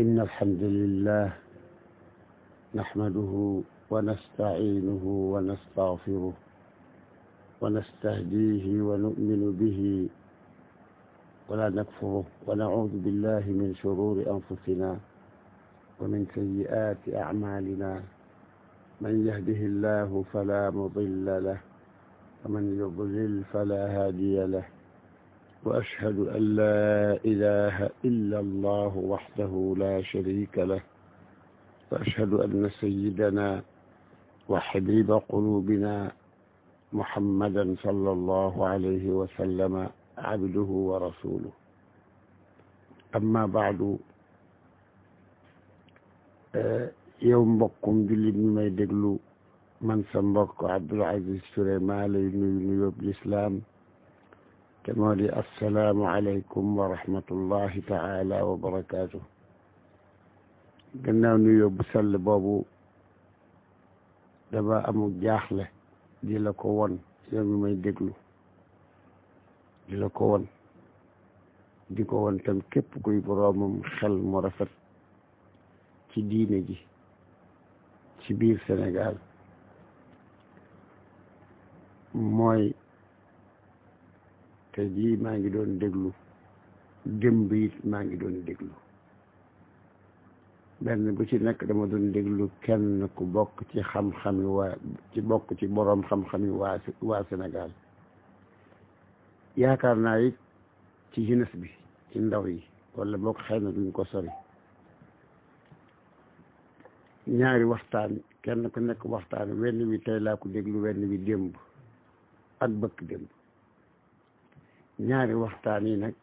إن الحمد لله نحمده ونستعينه ونستغفره ونستهديه ونؤمن به ولا نكفره ونعوذ بالله من شرور أنفسنا ومن سيئات أعمالنا من يهده الله فلا مضل له ومن يضلل فلا هادي له وأشهد أن لا إله إلا الله وحده لا شريك له وأشهد أن سيدنا وحبيب قلوبنا محمدا صلى الله عليه وسلم عبده ورسوله أما بعد yow mbokkum jullit ñi may déglu man sa mbokk Abdoul Aziz Touré maa lay nuyu nuyób lislaam te moo di asalaamualeykum wa rahmatullahi taala wa barakaatu gannaaw nu yóbbu sell boobu dama amul jaaxle di la ko won yow mi may déglu di la ko won di ko won tam képp kuy boroomam xel mu rafet ci diine ji ci biir Sénégal mooy tey jii maa ngi doon déglu démb it maa ngi doon déglu benn bu ci nekk dama doon déglu kenn ku bokk ci xam-xami waa ci bokk ci boroom xam-xami waa waa Sénégal yaakaar naa it ci jeunesse bi ci ndaw yi wala bokk xëy na duñ ko sori ñaari waxtaan kenn ku nekk waxtaan wenn wi tey laa ko déglu wenn wi démb ak bëkk démb ñaari waxtaan yi nag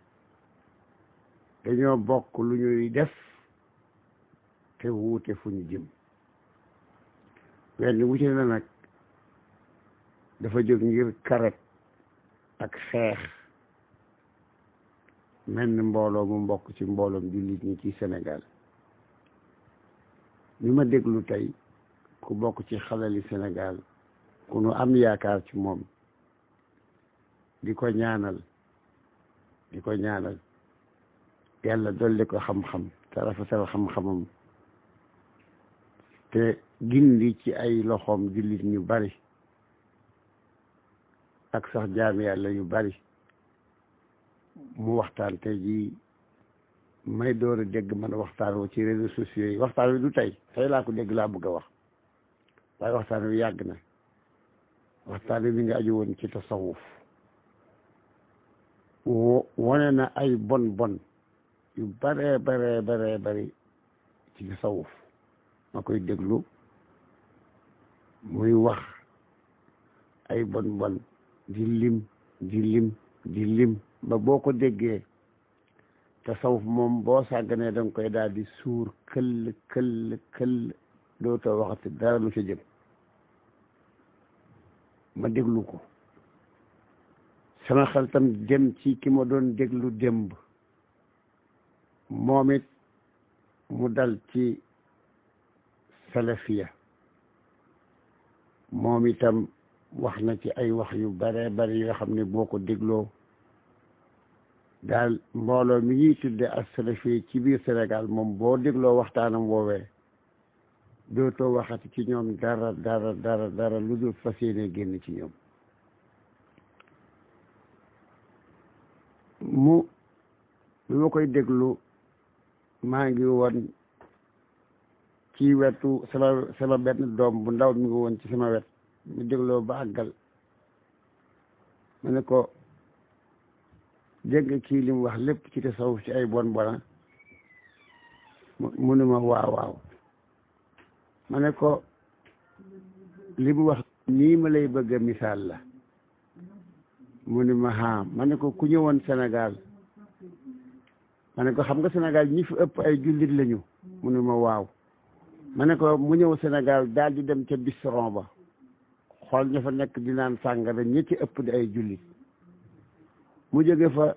dañoo bokk lu ñuy def te wuute fu ñu jëm wenn wuute na nag dafa jóg ngir karet ak xeex menn mbooloo mu mbokk ci mbooloom jullit ñi ci Sénégal ñu ma déglu tey ku bokk ci xalali Sénégal ku nu am yaakaar ci moom di ko ñaanal di ko ñaanal yàlla dolli ko xam-xam te rafetal xam-xamam te gindi ci ay loxoom jullit yu bari ak sax jaam yàlla yu bari mu waxtaan tey jii may door a dégg man waxtaan wu ci réseaux sociaux yi waxtaan wi du tey tey laa ko dégg laa bëgg a wax waaye waxtaan wi yàgg na waxtaan wi mi nga aju woon ci tasawuf wane na ay bon bon yu bare baree baree bari ci tasawuf ma koy déglu muy wax ay bon bon di lim ba boo ko déggee tasawuf moom boo sàgganee danga koy daal suur këll këll këll dootoo waxati dara lu ci jëm ma déglu ko sama xel tam dem ci ki ma doon déglu démb moom it mu dal ci salafiya moomitam wax na ci ay wax yu bare bari yoo xam ne boo ko dégloo daal mbooloo mi ñuy tudde ak salafiya ci biir Sénégal moom boo dégloo waxtaanam woowee dootoo waxati ci ñoom dara dara dara dara lu dul fas yéene génn ci ñoom mu bi ma koy déglu maa ngi woon ci wetu sama sama benn doom bu ndaw mi ngi woon ci sama wet mu dégloo ba àggal ma ne ko dégg nga kii li mu wax lépp ci tasawuf ci ay bon bona ah? mu ne ma waaw waaw ma ko li mu wax nii ma lay bëgg a misaal la mu ni ma xaam ma ne ko ku ñëwoon Sénégal ma ne ko xam nga senegal ñi fi ëpp ay jullit lañu mu ni ma waaw mane ko mu ñëw Sénégal daal di dem ca bistron ba xool ña fa nekk di naan sàngara ñi ci ëpp di ay jullit mu jóge fa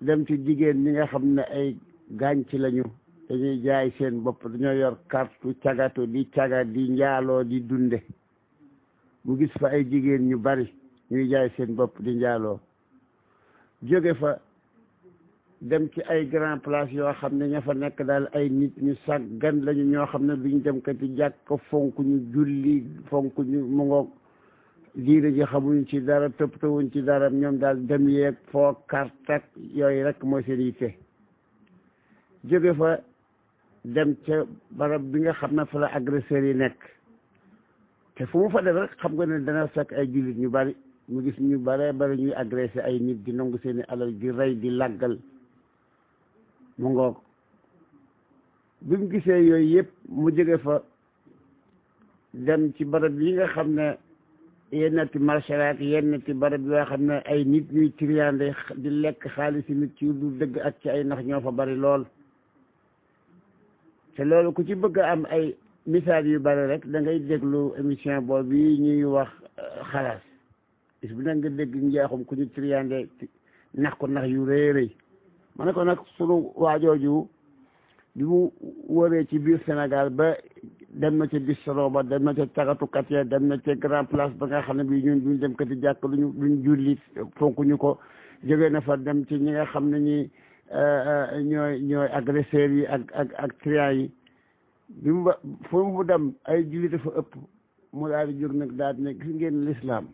dem ci jigéen ñi nga xam ne ay gànc lañu dañuy jaay seen bopp dañoo yor kartu cagatu di caga di njaaloo di dunde mu gis fa ay jigéen ñu bari ñuy jaay seen bopp di njaaloo jóge fa dem ci ay grand place yoo xam ne ña fa nekk daal ay nit ñu sàggan lañu ñoo xam ne duñ dem kati jàkk fonk ñu julli fonk ñu mu ngoog diine ji xamuñ ci dara toppatawuñ ci dara ñoom daal dem yeeg foo kartak yooyu rek mooy seen yitte jóge fa dem ca barab bi nga xam ne fa la yi nekk te fu mu fa dem rek xam nga ne dana fekk ay jullit ñu bari mu gis ñu bare bare ñu agressé ay nit di nangu seeni alal di rey di laggal mu ngoog bi mu gisee yooyu yëpp mu jóge fa dem ci barab yi nga xam ne na ti yen yenn ti bi yoo xam ne ay nit ñuy triande di lekk xaalis nit ci du dëgg ak ci ay nax ñoo fa bari lool te loolu ku ci bëgg am ay misaal yu bari rek dangay ngay déglu émission boobu yi ñuy wax euh, xalaas bi bu nga dégg njeexum ku ñu triande nax ko nax yu rëy rëy ma ne ko nag sunu waajooju bi mu wëree ci biir Sénégal ba dem na ca bistro ba dem na ca cagatukat ya dem na ca grand place ba nga xam ne bi ñun duñ dem kati jàkk luñu luñ julli fonk ñu ko jógee na fa dem ci ñi nga xam ne ñi eh, eh, ñooy ñooy yi ak ak ak trian yi bi mu fu mu dem ay jullit dafa ëpp mu daal di jóg nag daal di ne gis ngeen l'islam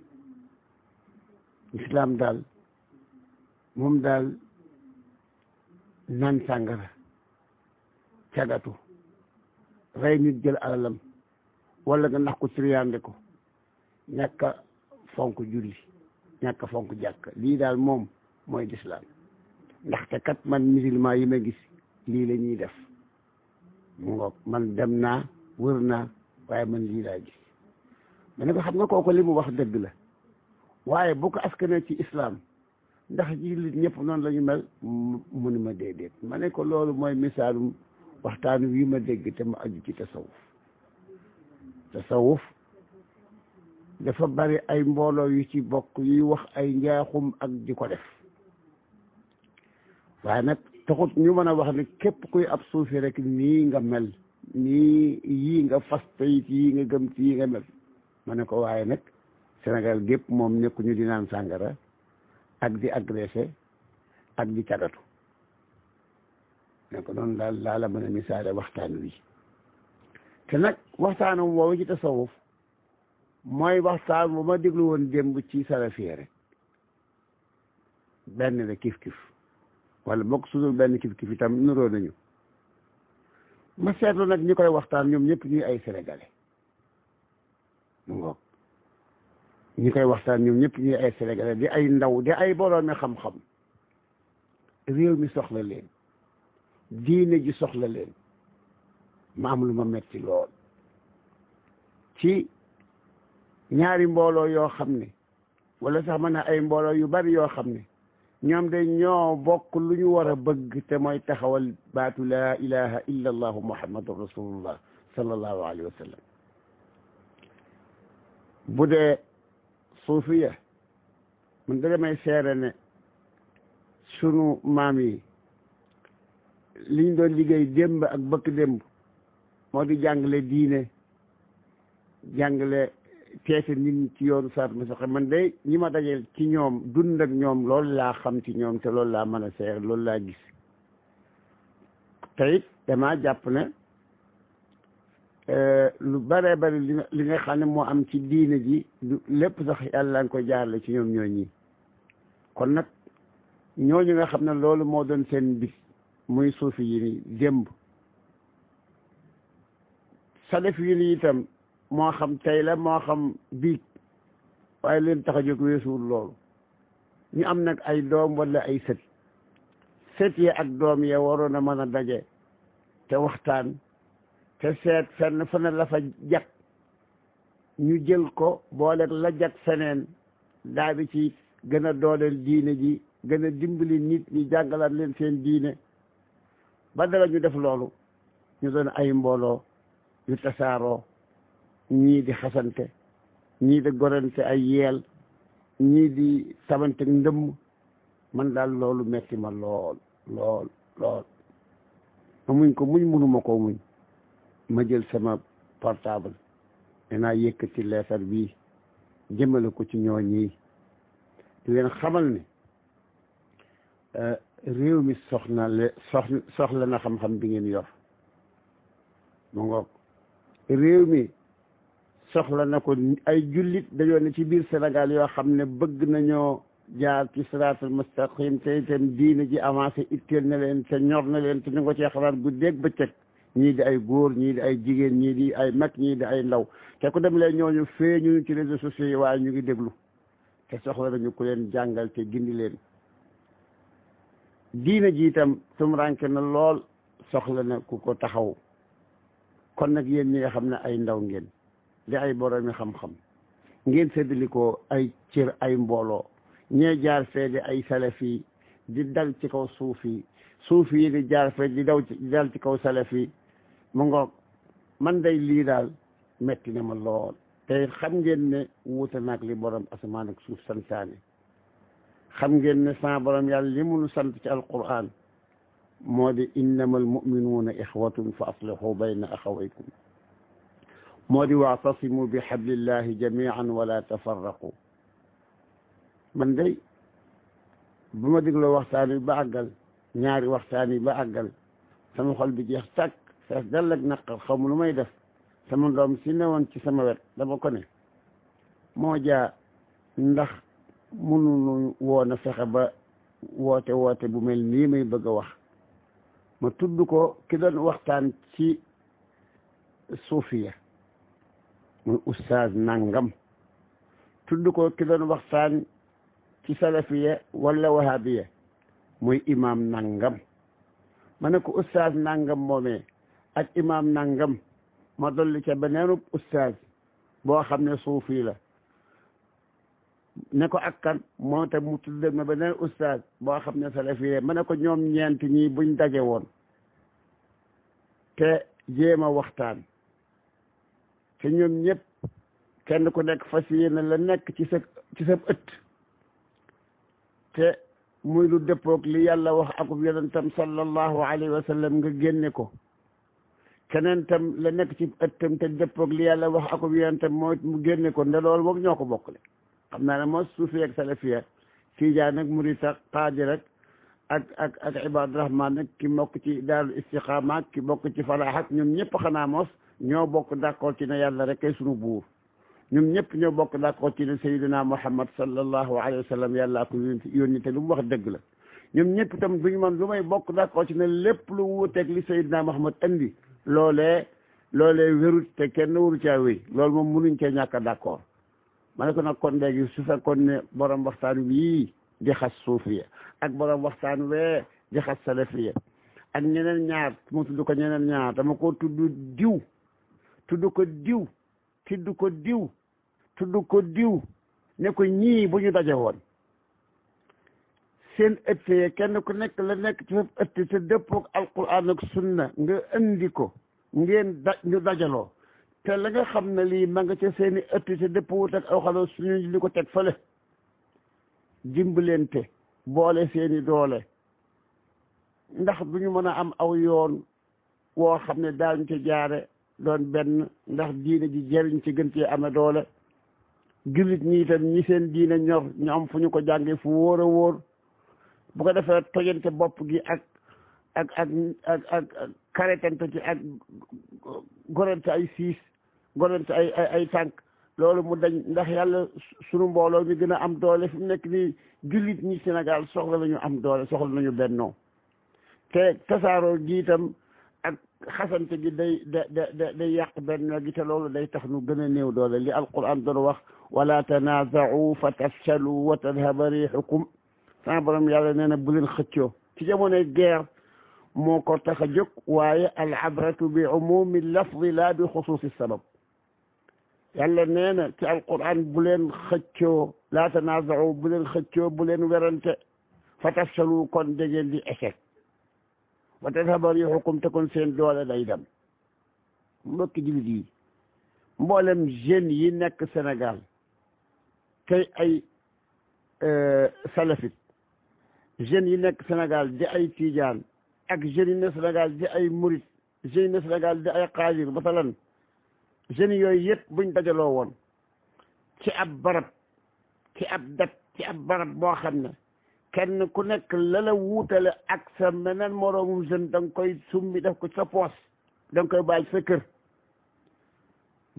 lislaam daal moom daal naan sàngara cagatu rey nit jël alalam walla nga nax ko triande ko ñàkk a fonk julli ñàkk a fonk jàkk lii daal moom mooy lislaam ndaxte kat man musulman yi ma gis lii la ñuy def mu ngoog man dem naa wër naa waaye man lii laa gis ma ko xam nga kooku li mu wax dëgg la waaye bu ko askanee ci islam ndax jullit ñëpp noonu lañu ñu mel mu ni ma déedéet ma ne ko loolu mooy misaalum waxtaan wi ma dégg te ma aju ci tasawuf tasawuf dafa bari ay mbooloo yu ci bokk yu wax ay njaaxum ak di ko def waaye nag taxut ñu mën a wax ne képp kuy ab suufi rekk nii nga mel nii yii nga fas te yii nga gëm ci yii nga mel ma ne ko waaye nag senegal gépp moom nekkuñu di naan sàngara ak di agressé ak di cagatu ne ko noonu daal laa la mën a misaale waxtaan wi te nag waxtaanu woowu ci tasawuf mooy waxtaan bu ma déglu woon démb ci salafiya rek benn la kif-kif wala bokk sudul benn kif-kif itam nuroo nañu ma seetlu nag ñi koy waxtaan ñoom ñëpp ñuy ay sénégalais mu ngoog ñi koy waxtaan ñoom ñëpp ñuy ay Sénégalais di ay ndaw di ay boroomi xam-xam réew mi soxla leen diine ji soxla leen ma lu ma metti lool ci ñaari mbooloo yoo xam ne wala sax mën na ay mbooloo yu bari yoo xam ne ñoom de ñoo bokk lu ñu war a bëgg te mooy taxawal baatu la ilaha illa allahu muhammadun rasulullah sallallahu alayhi wa sallam bu dee suufiya man da damay seere ne sunu maam yi liñ doon liggéey démb ak bëkk démb moo di jàngale diine jàngale teete nit ñi ci yoonu saat masaxe man day ñi ma dajeel ci ñoom dund ak ñoom loolu laa xam ci ñoom te loolu laa mën a seer loolu laa gis te it damaa jàpp Euh, lu bëree bëri li nga xam ne moo am ci diine ji lépp sax yàlla nga ko jaarale ci ñoom ñooñi kon nag ñooñu nga xam ne loolu moo doon seen bis muy suufi yi ni démb salaf yi ni itam moo xam tey la moo xam biig waaye leen tax a jóg weesuwul loolu ñu am nag ay doom wala ay sët sët yi ak doom ya waroon a mën a daje te waxtaan te seet fenn fu ne la fa jag ñu jël ko boole la jag feneen daa bi ci gën a dooleel diine ji gën a dimbali nit ñi jàngalaat leen seen diine ba dara ñu def loolu ñu doon ay mbooloo yu tasaaroo ñii di xasante ñii di gorante ay yeel ñii di sabante ndëm man daal loolu metti ma lool lool lool amuñ ko muñ mënuma ko muñ ma jël sama portable dinaa yëkkati leetar bi jëmale ko ci ñooñi di leen xamal ni euh, réew mi soxna soxla na xam-xam bi ngeen yor mu ngoog réew mi soxla na ko ay jullit dañoo ne ci biir senegal yoo xam ne bëgg nañoo jaar ci siraatal mustaqim te itam na ji avancé itteel na leen te ñor na leen te ñu ngi ko cee xalaat guddeeg bëccëg ñii di ay góor ñii di ay jigéen ñii di ay mag ñii di ay ndaw te ku dem lee ñooñu feeñu ci réseaux sociaux yi waaye ñu ngi déglu te soxla nañu ku leen jàngal te gindi leen diina ji itam tumuranke na lool soxla na ku ko taxaw kon nag yéen ñi nga xam ne ay ndaw ngeen di ay boroomi xam-xam ngeen séddalikoo ay cër ay mbooloo ñee jaar fee di ay salafi di dal ci kaw suufi suufi yi di jaar fee di daw di dal ci kaw salafi mu ngoog man day lii daal metti na ma lool te xam ngeen ne wuute naag li borom asamaan ak suuf santaane xam ngeen ne sa borom yàlla li mu nu sant ci alquran moo di innamal muminuuna ixwatun fa aslihu bayna axawaykum moo di waatasimu bi xablillahi jamian wala tafarraqu man day bu ma dégloo waxtaan wi ba àggal ñaari waxtaan yi ba àggal sama xol bi jeex tàkk fees dal ak naqar xaw ma lu may def sama ndoom si ne woon ci sama wet dama ko ne moo jaa ndax mënuñu woon a fexe ba woote woote bu mel nii may bëgg a wax ma tudd ko ki waxtaan ci suufiya muy ustaaz nangam tudd ko ki waxtaan ci salafiya walla wahabiya muy imam nangam ma ne ko ustaaz nangam moomee ak imaam nangam ma dolli ca beneenub ustaaz boo xam ne suufi la ne ko ak kan moo te mu tuddal ma beneen ustaaz boo xam ne salafi la ma ne ko ñoom ñeent ñii buñ daje woon te jéem a waxtaan te ñoom ñëpp kenn ku nekk fas yéene la nekk ci sa ëtt te muy lu dëppoog li yàlla wax akub yonentam sallallahu alayhi wa sallam nga génne ko keneen tam la nekk ci ëttam te li yàlla wax ako yonentam mooy mu génne ko nda loolu boog ñoo ko bokkle xam naa ne moo suufi ak salafiya tiijaan ak murit ak xaadir ak ak ak ak ibad rahman ak ki bokk ci daarul istiqaama ak ki bokk ci falaax ak ñoom ñëpp xanaa mos ñoo bokk d'accord ci ne yàlla rek kay sunu buur ñoom ñëpp ñoo bokk d'accord ci ne sayyidina muhammad sallallahu alayhi wa sallam yàllaa ko yónni te lu mu wax dëgg la ñoom ñëpp tam duñu man lu may bokk d'accord ci ne lépp lu wuuteeg li sayyidina muhammad andi loole loole wérut te kenn waru caa wéy loolu moom mu cee ñàkk a d'accord ma ne ko nag kon léegi su fekkoon ne borom waxtaan wii di xas ye ak borom waxtaan wee di xas salafiya ak ñeneen ñaar mu tudd ko ñeneen ñaar dama ko tudd diw tudd ko diw tudd ko diw tudd ko diw ne ko ñii bu ñu daje woon seen ëtt yi kenn ku nekk la nekk ci foofu ëtt te dëppoog alquran sunna nga indi ko ngeen da dajaloo te la nga xam ne lii ma nga ca seen i ëtt te dëppwut ak alxalo suñu li ko teg fële dimbalante boole seeni doole ndax ñu mën a am aw yoon woo xam ne daañu ci jaare doon benn ndax diine ji jëriñ ci gën cee amee doole jullit ñi ñi seen diine ñor ñu fu ñu ko jànge fu wóor a wóor bu ko defee tojante bopp gi ak ak ak ak ak karetante ci ak gorante ay siis gorante ay ay ay tànk loolu mu dañ ndax yàlla sunu mbooloo mi gën a am doole fi mu nekk nii jullit ñi Sénégal soxla nañu am doole soxla nañu bennoo te tasaaroo gi itam ak xasante gi day da da day yàq bennoo gi te loolu day tax nu gën a néew doole li alquran doon wax wala tanaaza'u fa tafshalu wa tadhaba riihukum sama borom yàlla nee na bu leen xëccoo ci jamonoy guerre moo ko tax a jóg waaye al abratu bi umumi lafdi laa bi xusuusi sabab yàlla nee na ci alquran bu leen xëccoo laa tanaaza'u bu leen xëccoo bu leen werante fa tafsalu kon da ngeen di échec wa tadhaba riihukum te kon seen doole day dem mbokki jullit yi mboolem jeunes yi nekk Sénégal tey ay euh, salafit jeunes yi nekk senegal di ay tiijaan ak jeunes yi nekk Sénégal di ay Murit jeunes yi nekk Sénégal di ay Xaadir masalan jeunes yooyu yëpp buñ dajaloo woon ci ab barab ci ab dat ci ab barab boo xam ne kenn ku nekk la wuutale ak sa meneen moroomum jeune da nga koy summi def ko sa poos da nga koy bàyyi sa kër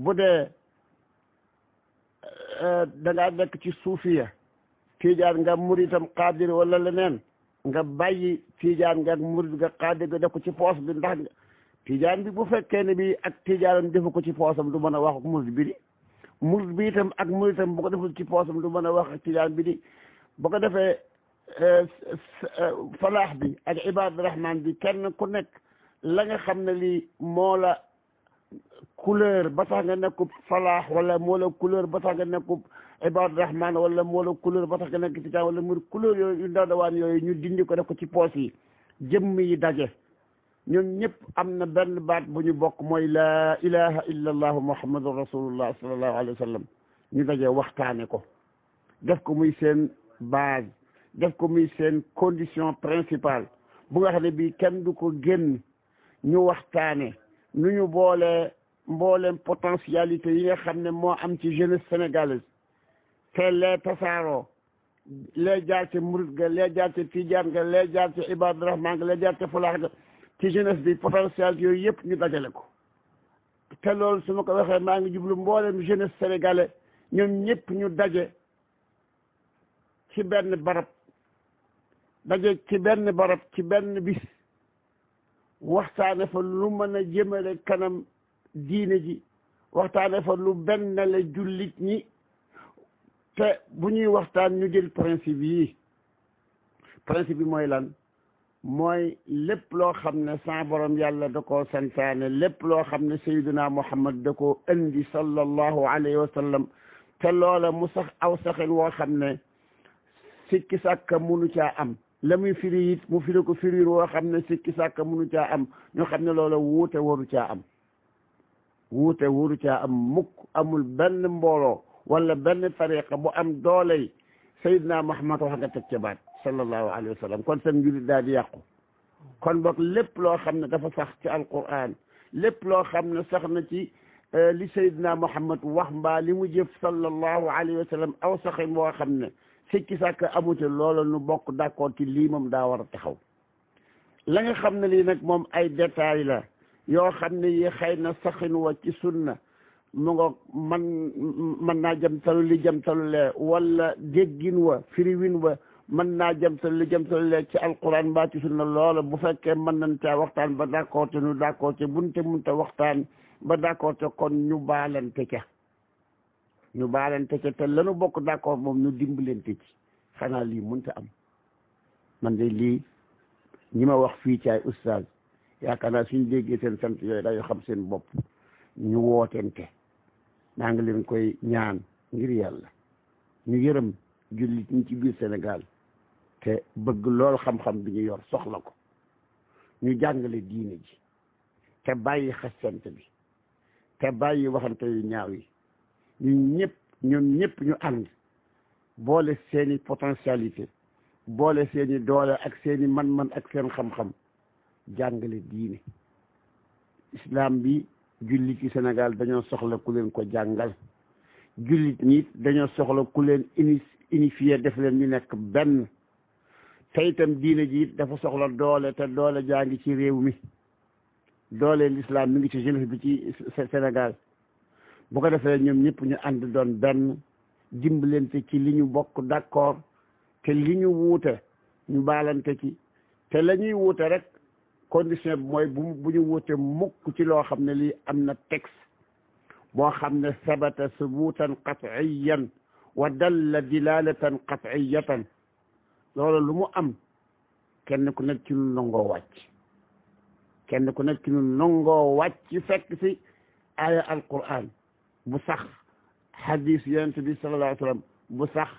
bu dee euh, da ngaa ci suufiya tiijaan nga muritam xaadir wala leneen nga bàyyi tiijaan nga murit nga xaadir nga def ko ci poos bi ndax tiijaan bi bu fekkee ne bi ak tiijaanam defu ko ci poosam du mën a wax ak murit bi di murit bi itam ak muritam bu ko deful ci poosam du mën a wax ak tiijaan bi di bu ko defee eh, eh, falaax bi ak ibaadu rahmaan bi kenn ku nekk la xam ne lii moo couleur bata tax nga nekkub falaax wala moo la couleur ba tax nga nekkub ibad rahman wala moo la couleur ba tax nga nekk tijaan wala mur couleur yooyu yu ndaw dawaan yooyu ñu dindi ko def ko ci poos yi jëmm yi daje ñoom ñëpp am na benn baat bu ñu bokk mooy la ilaha illa allahu muhammadun rasulullah sallallahu alayhi wa sallam ñu daje waxtaane ko def ko muy seen base def ko muy seen condition principale bu nga xam kenn du ko génn ñu waxtaane nu ñu boolee mbooleem potentialité yi nga xam ne moo am ci jeunesse sénégalaise te lee tasaaroo lee jaar ci murit ga lee jaar ci tijaan ga lee jaar ci ibaadu rahmaan lee jaar ci fulaax ga ci jeunesse bi potentialité yooyu yëpp ñu dajale ko te loolu su ma ko waxee maa ngi jublu mbooleem jeunesse sénégalais ñoom ñëpp ñu daje ci benn barab daje ci benn barab ci benn bis waxtaane fa lu mën a jëmale kanam diine ji waxtaane fa lu benn la jullit ñi bu ñuy waxtaan ñu jël principe yi bi mooy lan mooy lépp loo xam ne sa borom yàlla da koo santaane lépp loo xam ne sayduna muhammad da koo indi sallallahu alayhi wa te loola mu sax aw saxin woo xam ne sikki sàkka munu caa am la muy firi it mu firi ko firiir woo xam ne sikki sàkk munu caa am ñoo xam ne loola wuute waru caa am wuute waru caa am mukk amul benn mbooloo wala benn tariqa bu am dooley Seydina Muhammad wax nga teg ca baat sallallahu alayhi wa sallam kon seen njulit daal di yàqu kon boog lépp loo xam ne dafa sax ci alquran lépp loo xam ne sax na ci eh, li Seydina Muhammad wax mbaa li mu jëf sallallahu alayhi wa sallam aw saxin boo xam ne sikki sàkk amu ci loola nu bokk d'accord ci lii moom daa war a taxaw la nga xam na lii nag moom ay détails la yoo xam ne yi xëy na saxin wa ci sunna mu nga man mën naa jamtalu li jamtalulee wala déggin wa firiwin wa mën naa jamtalu li jamtalulee ci alquran mbaa ci sunna loola bu fekkee mën nañ caa waxtaan ba d'accord te nu d'accord te bunte munta waxtaan ba d'accord te kon ñu baalante ca ñu baalante ca te lanu bokk d'accord moom ñu dimbalante ci xanaa lii te am man de lii ñi ma wax fii ci ay ustaaz yaakaar naa suñ déggee seen sant yooyu dañu xam seen bopp ñu wootente maa ngi leen koy ñaan ngir yàlla ñu yërëm jullit ñi ci biir Sénégal te bëgg lool xam-xam bi ñu yor soxla ko ñu jàngale diine ji te bàyyi xasante bi te bàyyi waxante yu ñaaw yi ñu ñëpp ñoom ñëpp ñu ànd boole seeni potentialité boole seeni doole ak seeni man-man ak seen xam-xam jàngale diini islam bi jullit ci Sénégal dañoo soxla ku leen ko jàngal jullit ñi dañoo soxla ku leen ini def leen ñu nekk benn te itam diine ji dafa soxla doole te doole jàngi ci réew mi doole l'islam mi ngi ci jeunesse bi ci Sénégal bu ko defee ñoom ñëpp ñu ànd doon benn dimbalante ci li ñu bokk d'accord te li ñu wuute ñu baalante ci te la wuute rek condition bi mooy bu wuute mukk ci loo xam ne lii am na texte boo xam ne sabata subutan qat'iyan wa dalla dilalatan qat'iyatan loolu lu mu am kenn ku nekk ci ñun nangoo wàcc kenn ku nekk ci ñun nangoo wàcc fekk fi aaya alquran bu sax xadis yonent bi sallallahu alayhi bu sax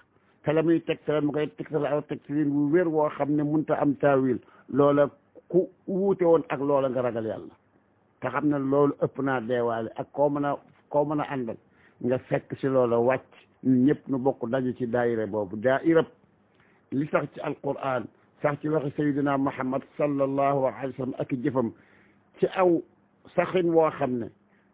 te la muy tegtal mu koy tegtal aw tegtalin bu wér woo xam ne munta am taawil loola ku wuute woon ak loola nga ragal yàlla te xam ne loolu ëpp naa deewaale ak koo mën a koo mën a àndal nga fekk si loola wàcc ñu nu bokk daje ci daayira boobu daayira li sax ci alquran sax ci waxi sayyidina Muhammad sallallahu alayhi wa sallam ak jëfam ci aw saxin woo xam ne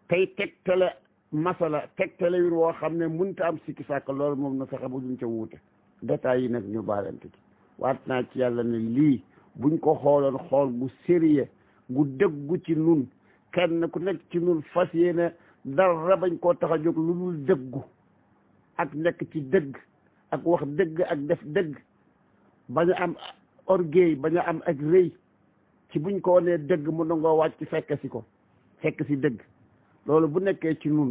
tey tegtale masala tegtale win woo xam ne mënta am sikki sàkk loolu moom na fexe ba duñ ca wute détails yi nag ñu baalante ci waat naa ci yàlla ne lii buñ ko xooloon xool gu sérieux gu dëggu ci nun kenn ku nekk ci nun fas yéene dara bañ koo tax a jóg lu dul dëggu ak nekk ci dëgg ak wax dëgg ak def dëgg bañ am orgueil bañ a am ak rëy ci buñ ko nee dëgg mu nangoo wàcc fekk si ko fekk si dëgg loolu bu nekkee ci nun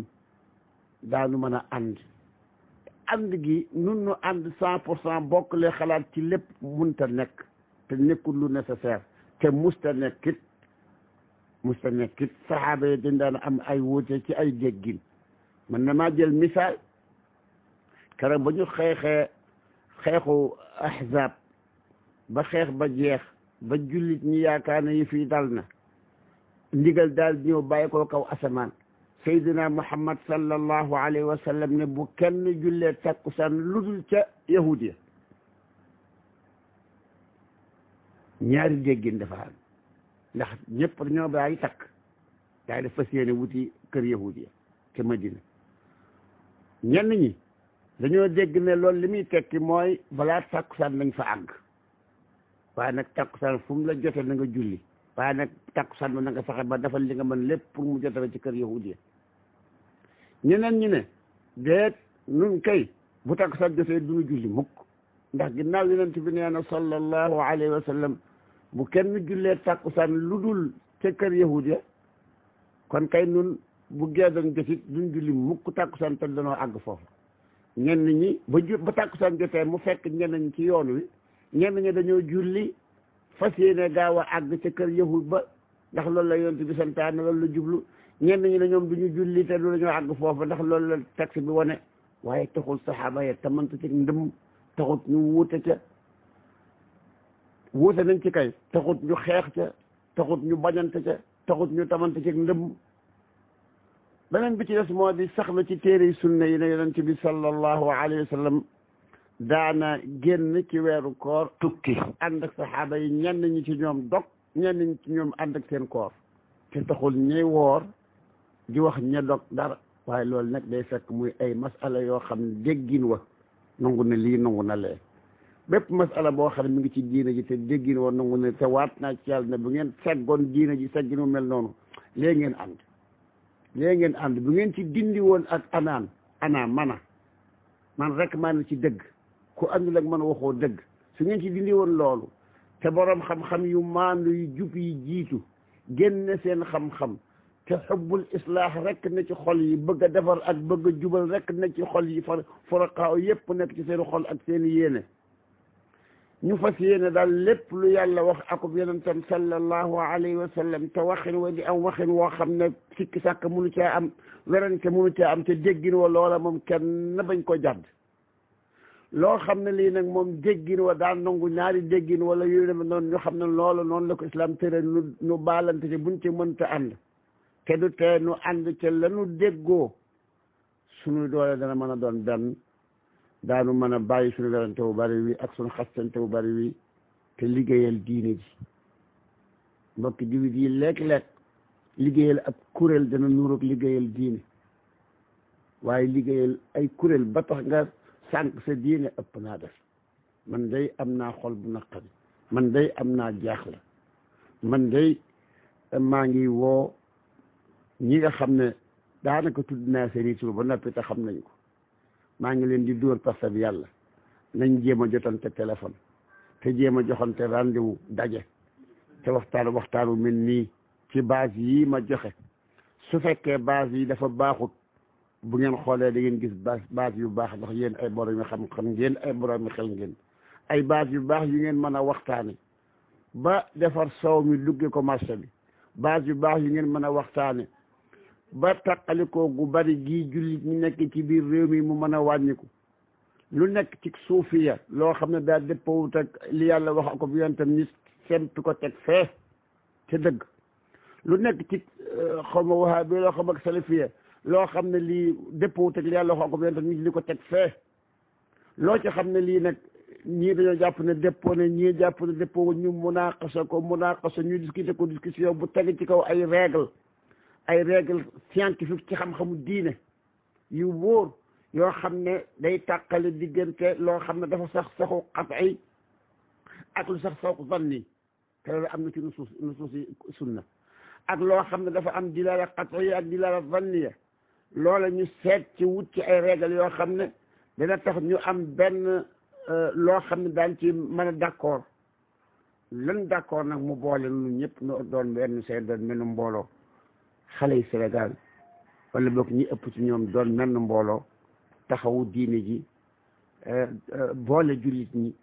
daanu mën a ànd ànd gi nun ànd cent pour cent bokk le xalaat ci lépp munta nekk te nekkul lu nécessaire te musta nekkit musta nekkit saxaaba yi dañ daan am ay wuute ci ay déggin man na maa jël misaal keroog ba ñu xeexee xeexu ahzab ba xeex ba jeex ba jullit ñi yaakaar na yi fii dal na ndigal daal ñëw bàyyi ko kaw asamaan saydina muhammad sallallahu alayhi wa sallam ne bu kenn jullee takkusaan lu dul ca yahud ñaari déggin dafa am ndax ñëpp ñoo ba takk daal di fas wuti kër yahud ya ca madina ñenn ñi dañoo dégg ne loolu li muy tekki mooy balaat balaa takkusaan nañ fa àgg waaye nak takkusaan fu mu la jotee na nga julli waaye nag takkusaan ba na nga fexe ba defal li nga mën lépp pour mu jotee ci kër yahudi ñeneen ñi ne déet nun kay bu takkusaan jotee du ñu julli mukk ndax ginnaaw yonent bi nee na sallallahu alayhi wa sallam bu kenn jullee takkusaan lu dul ca kër yahud ya kon kay nun bu geedoon jotit duñ julli mukk takkusaan te danoo àgg foofu ñenn ñi ba ju ba takkusaan jotee mu fekk ñeneen ci yoon wi ñenn ñi dañoo julli fas yéene gaaw a àgg ca kër yahud ba ndax loolu la yonent bi santaane loolu la jublu ñenn ñi ne ñoom du ñu julli te du la ñu àgg foofu ndax loolu la texte bi wane waaye taxul saxaaba ya tamante ci ndëm taxut ñu wuute ca wuute nañ ci kay taxut ñu xeex ca taxut ñu bañante ca taxut ñu tamante ci ndëm beneen bi ci des moo di sax na ci téere sunna yi ne yonent bi sallallahu alayhi wa sallam daana génn ci weeru koor tukki ànd ci ñoom dog ñenn ñi ci ñoom ànd ak taxul ñi woor di wax ña dara waaye loolu nag day fekk muy ay masala yoo xam ne déggin wa nangu na lii nangu na lee bépp masala boo xam ne mi ngi ci diina ji te déggin wa nangu na te waat naa ci yàlla ne bu ngeen seggoon diina ji seggin mu mel noonu lee ngeen ànd lee ngeen ànd bu ngeen ci dindi woon ak anaan anaa mana man rek maan ne ci dëgg ku àndul ak man waxoo dëgg su ngeen ci dindi woon loolu te boroom xam-xam yu maandu yu jub yi jiitu génn seen xam-xam te xubbul islaax rek na ci xol yi bëgg a defar ak bëgg a jubal rek na ci xol yi far foraqaaw yépp nekk ci seen xool ak seen yéene ñu fas yéene daal lépp lu yàlla wax akub yonentam sallallahu alayhi wa sallam te waxin wa di am waxin woo xam ne sikki sàkk munu cee am werante munu cee am te déggin wa loola moom kenn bañ ko jàdd loo xam ne lii nag moom déggin wa daan nangu ñaari déggin wala yu demee noonu ñu xam ne loolu noonu la ko islam tere nu nu baalante ci buñ mënta ànd te du tee nu ànd ca lanu déggoo suñu dana mën a doon benn daanu mën a bàyyi suñu werante bu bari wi ak suñu xastante bu bari wi te liggéeyal diine ji mbokki diwit yi lekk-lekk liggéeyal ab kuréel dana nuroog liggéeyal diine waaye liggéeyal ay kuréel ba tax nga sànq sa diine ëpp naa def man day am naa xol bu naqari man day am naa jaaxle man maa ngi woo ñi nga xam ne daanaka tudd naa seen suba ba noppi te xam nañ ko maa ngi leen di dóor parce que yàlla nañ jéem a te téléphone te jéem a joxante rendez-vous daje te waxtaan waxtaanu mel nii ci base yi ma joxe su fekkee base yi dafa baaxut bu ngeen xoolee da ngeen gis base base yu baax ndax yéen ay borom yu xam-xam ngeen ay borom yu xel ngeen ay yu baax yu ngeen mën a waxtaane ba defar soow mi dugge ko marché bi yu baax yu ngeen mën waxtaane ba taqalikoo gu bari gii jullit ñi nekk ci biir réew mi mu mën a wàññiku lu nekk ci suufiya loo xam ne daa dëppawut ak li yàlla wax ko bu yontam ni sentu ko teg fee te dëgg lu nekk ci euh, xaw ma waxaa bi loo xam ak salafiya loo xam ne lii dëppawut ak li yàlla wax ko bu yontam ni di ko teg fee loo ci xam ne lii nag ñii dañoo jàpp ne dëppoo ne ñii jàpp ne dëppoo ñu munaqasa ko munaqasa ñu discuter ko discussion bu teg ci kaw ay règle ay règle scientifique ci xam-xamu diine yu wóor yoo xam ne day tàqale diggante loo xam ne dafa sax saxu xat'i ak lu sax saxu zanni te loolu am na ci nusuus nusuusi sunna ak loo xam ne dafa am dilaala xat'i ak dilaala zanniya loola ñu seet ci wut ci ay règle yoo xam ne dana tax ñu am benn euh, loo xam ne daan ci mën a d'accord lan d'accord nag mu boole nu ñëpp nu doon benn seen doon mel mbooloo xale yi Sénégal wala boog ñi ëpp ci ñoom doon menn mbooloo taxawu diine ji eh, eh, boole jullit ñi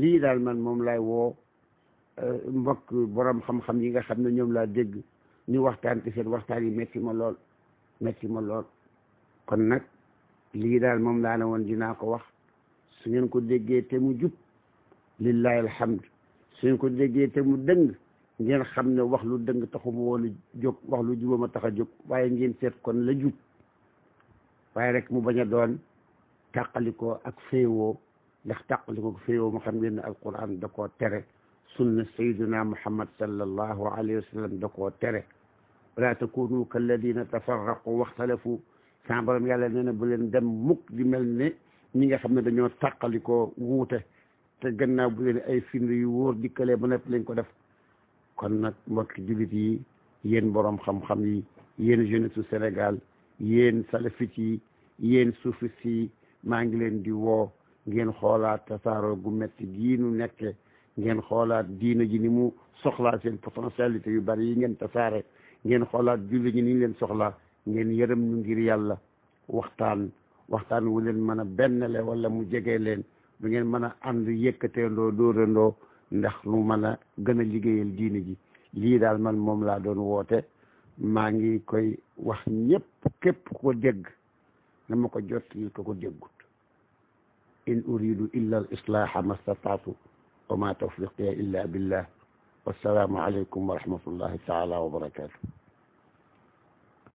lii daal man moom laay woo eh, mbokk borom xam-xam yi nga xam ne ñoom laa dégg ñu waxtaan ci seen waxtaan yi métti ma lool métti ma lool kon nag lii daal moom laa ne woon dinaa ko wax su ngeen ko déggee te mu jub lillahi alhamd su ngeen ko déggee te mu dëng ngeen xam ne wax lu dëng taxu ma woon a jóg wax lu jubama tax a jóg waaye ngeen seet kon la jub waaye rek mu bañ a doon tàqalikoo ak féewoo ndax tàqalikoo ak féewoo ma xam ngeen ne alquran da koo tere sunna sayyidina muhammad sallallahu alayhi wa sallam da koo tere wala takunu kalladina tafarraqu waxtalafu sa borom yàlla nee na bu leen dem mukk di mel ne ñi nga xam ne dañoo tàqalikoo wuute te gannaaw bu leen ay firnde yu wóor dikkalee ba nepp lañ ko def kon nag mbokki jullit yi yéen borom xam-xam yi yéen jeunesse su Sénégal yéen salafit yi yéen suufis yi maa ngi leen di woo ngeen xoolaat tasaaroo gu metti gii nu nekke ngeen xoolaat diina ji ni mu soxlaa seen potentialité yu bari yi ngeen tasaare ngeen xoolaat jullit ñi ni leen soxlaa ngeen yërëm ñu ngir yàlla waxtaan waxtaan wu leen mën a bennle wala mu jege leen du ngeen mën a ànd yëkkateendoo dóorandoo ndax nu mën a gën a liggéeyal diine ji lii daal man moom laa doon woote maa ngi koy wax ñëpp képp ko dégg na ma ko jottali ko ko déggut in uridu illa al islaaha mastataatu wa ma tawfiqiya illa billah wassalaamu aleykum wa rahmatullahi taala wa barakaatu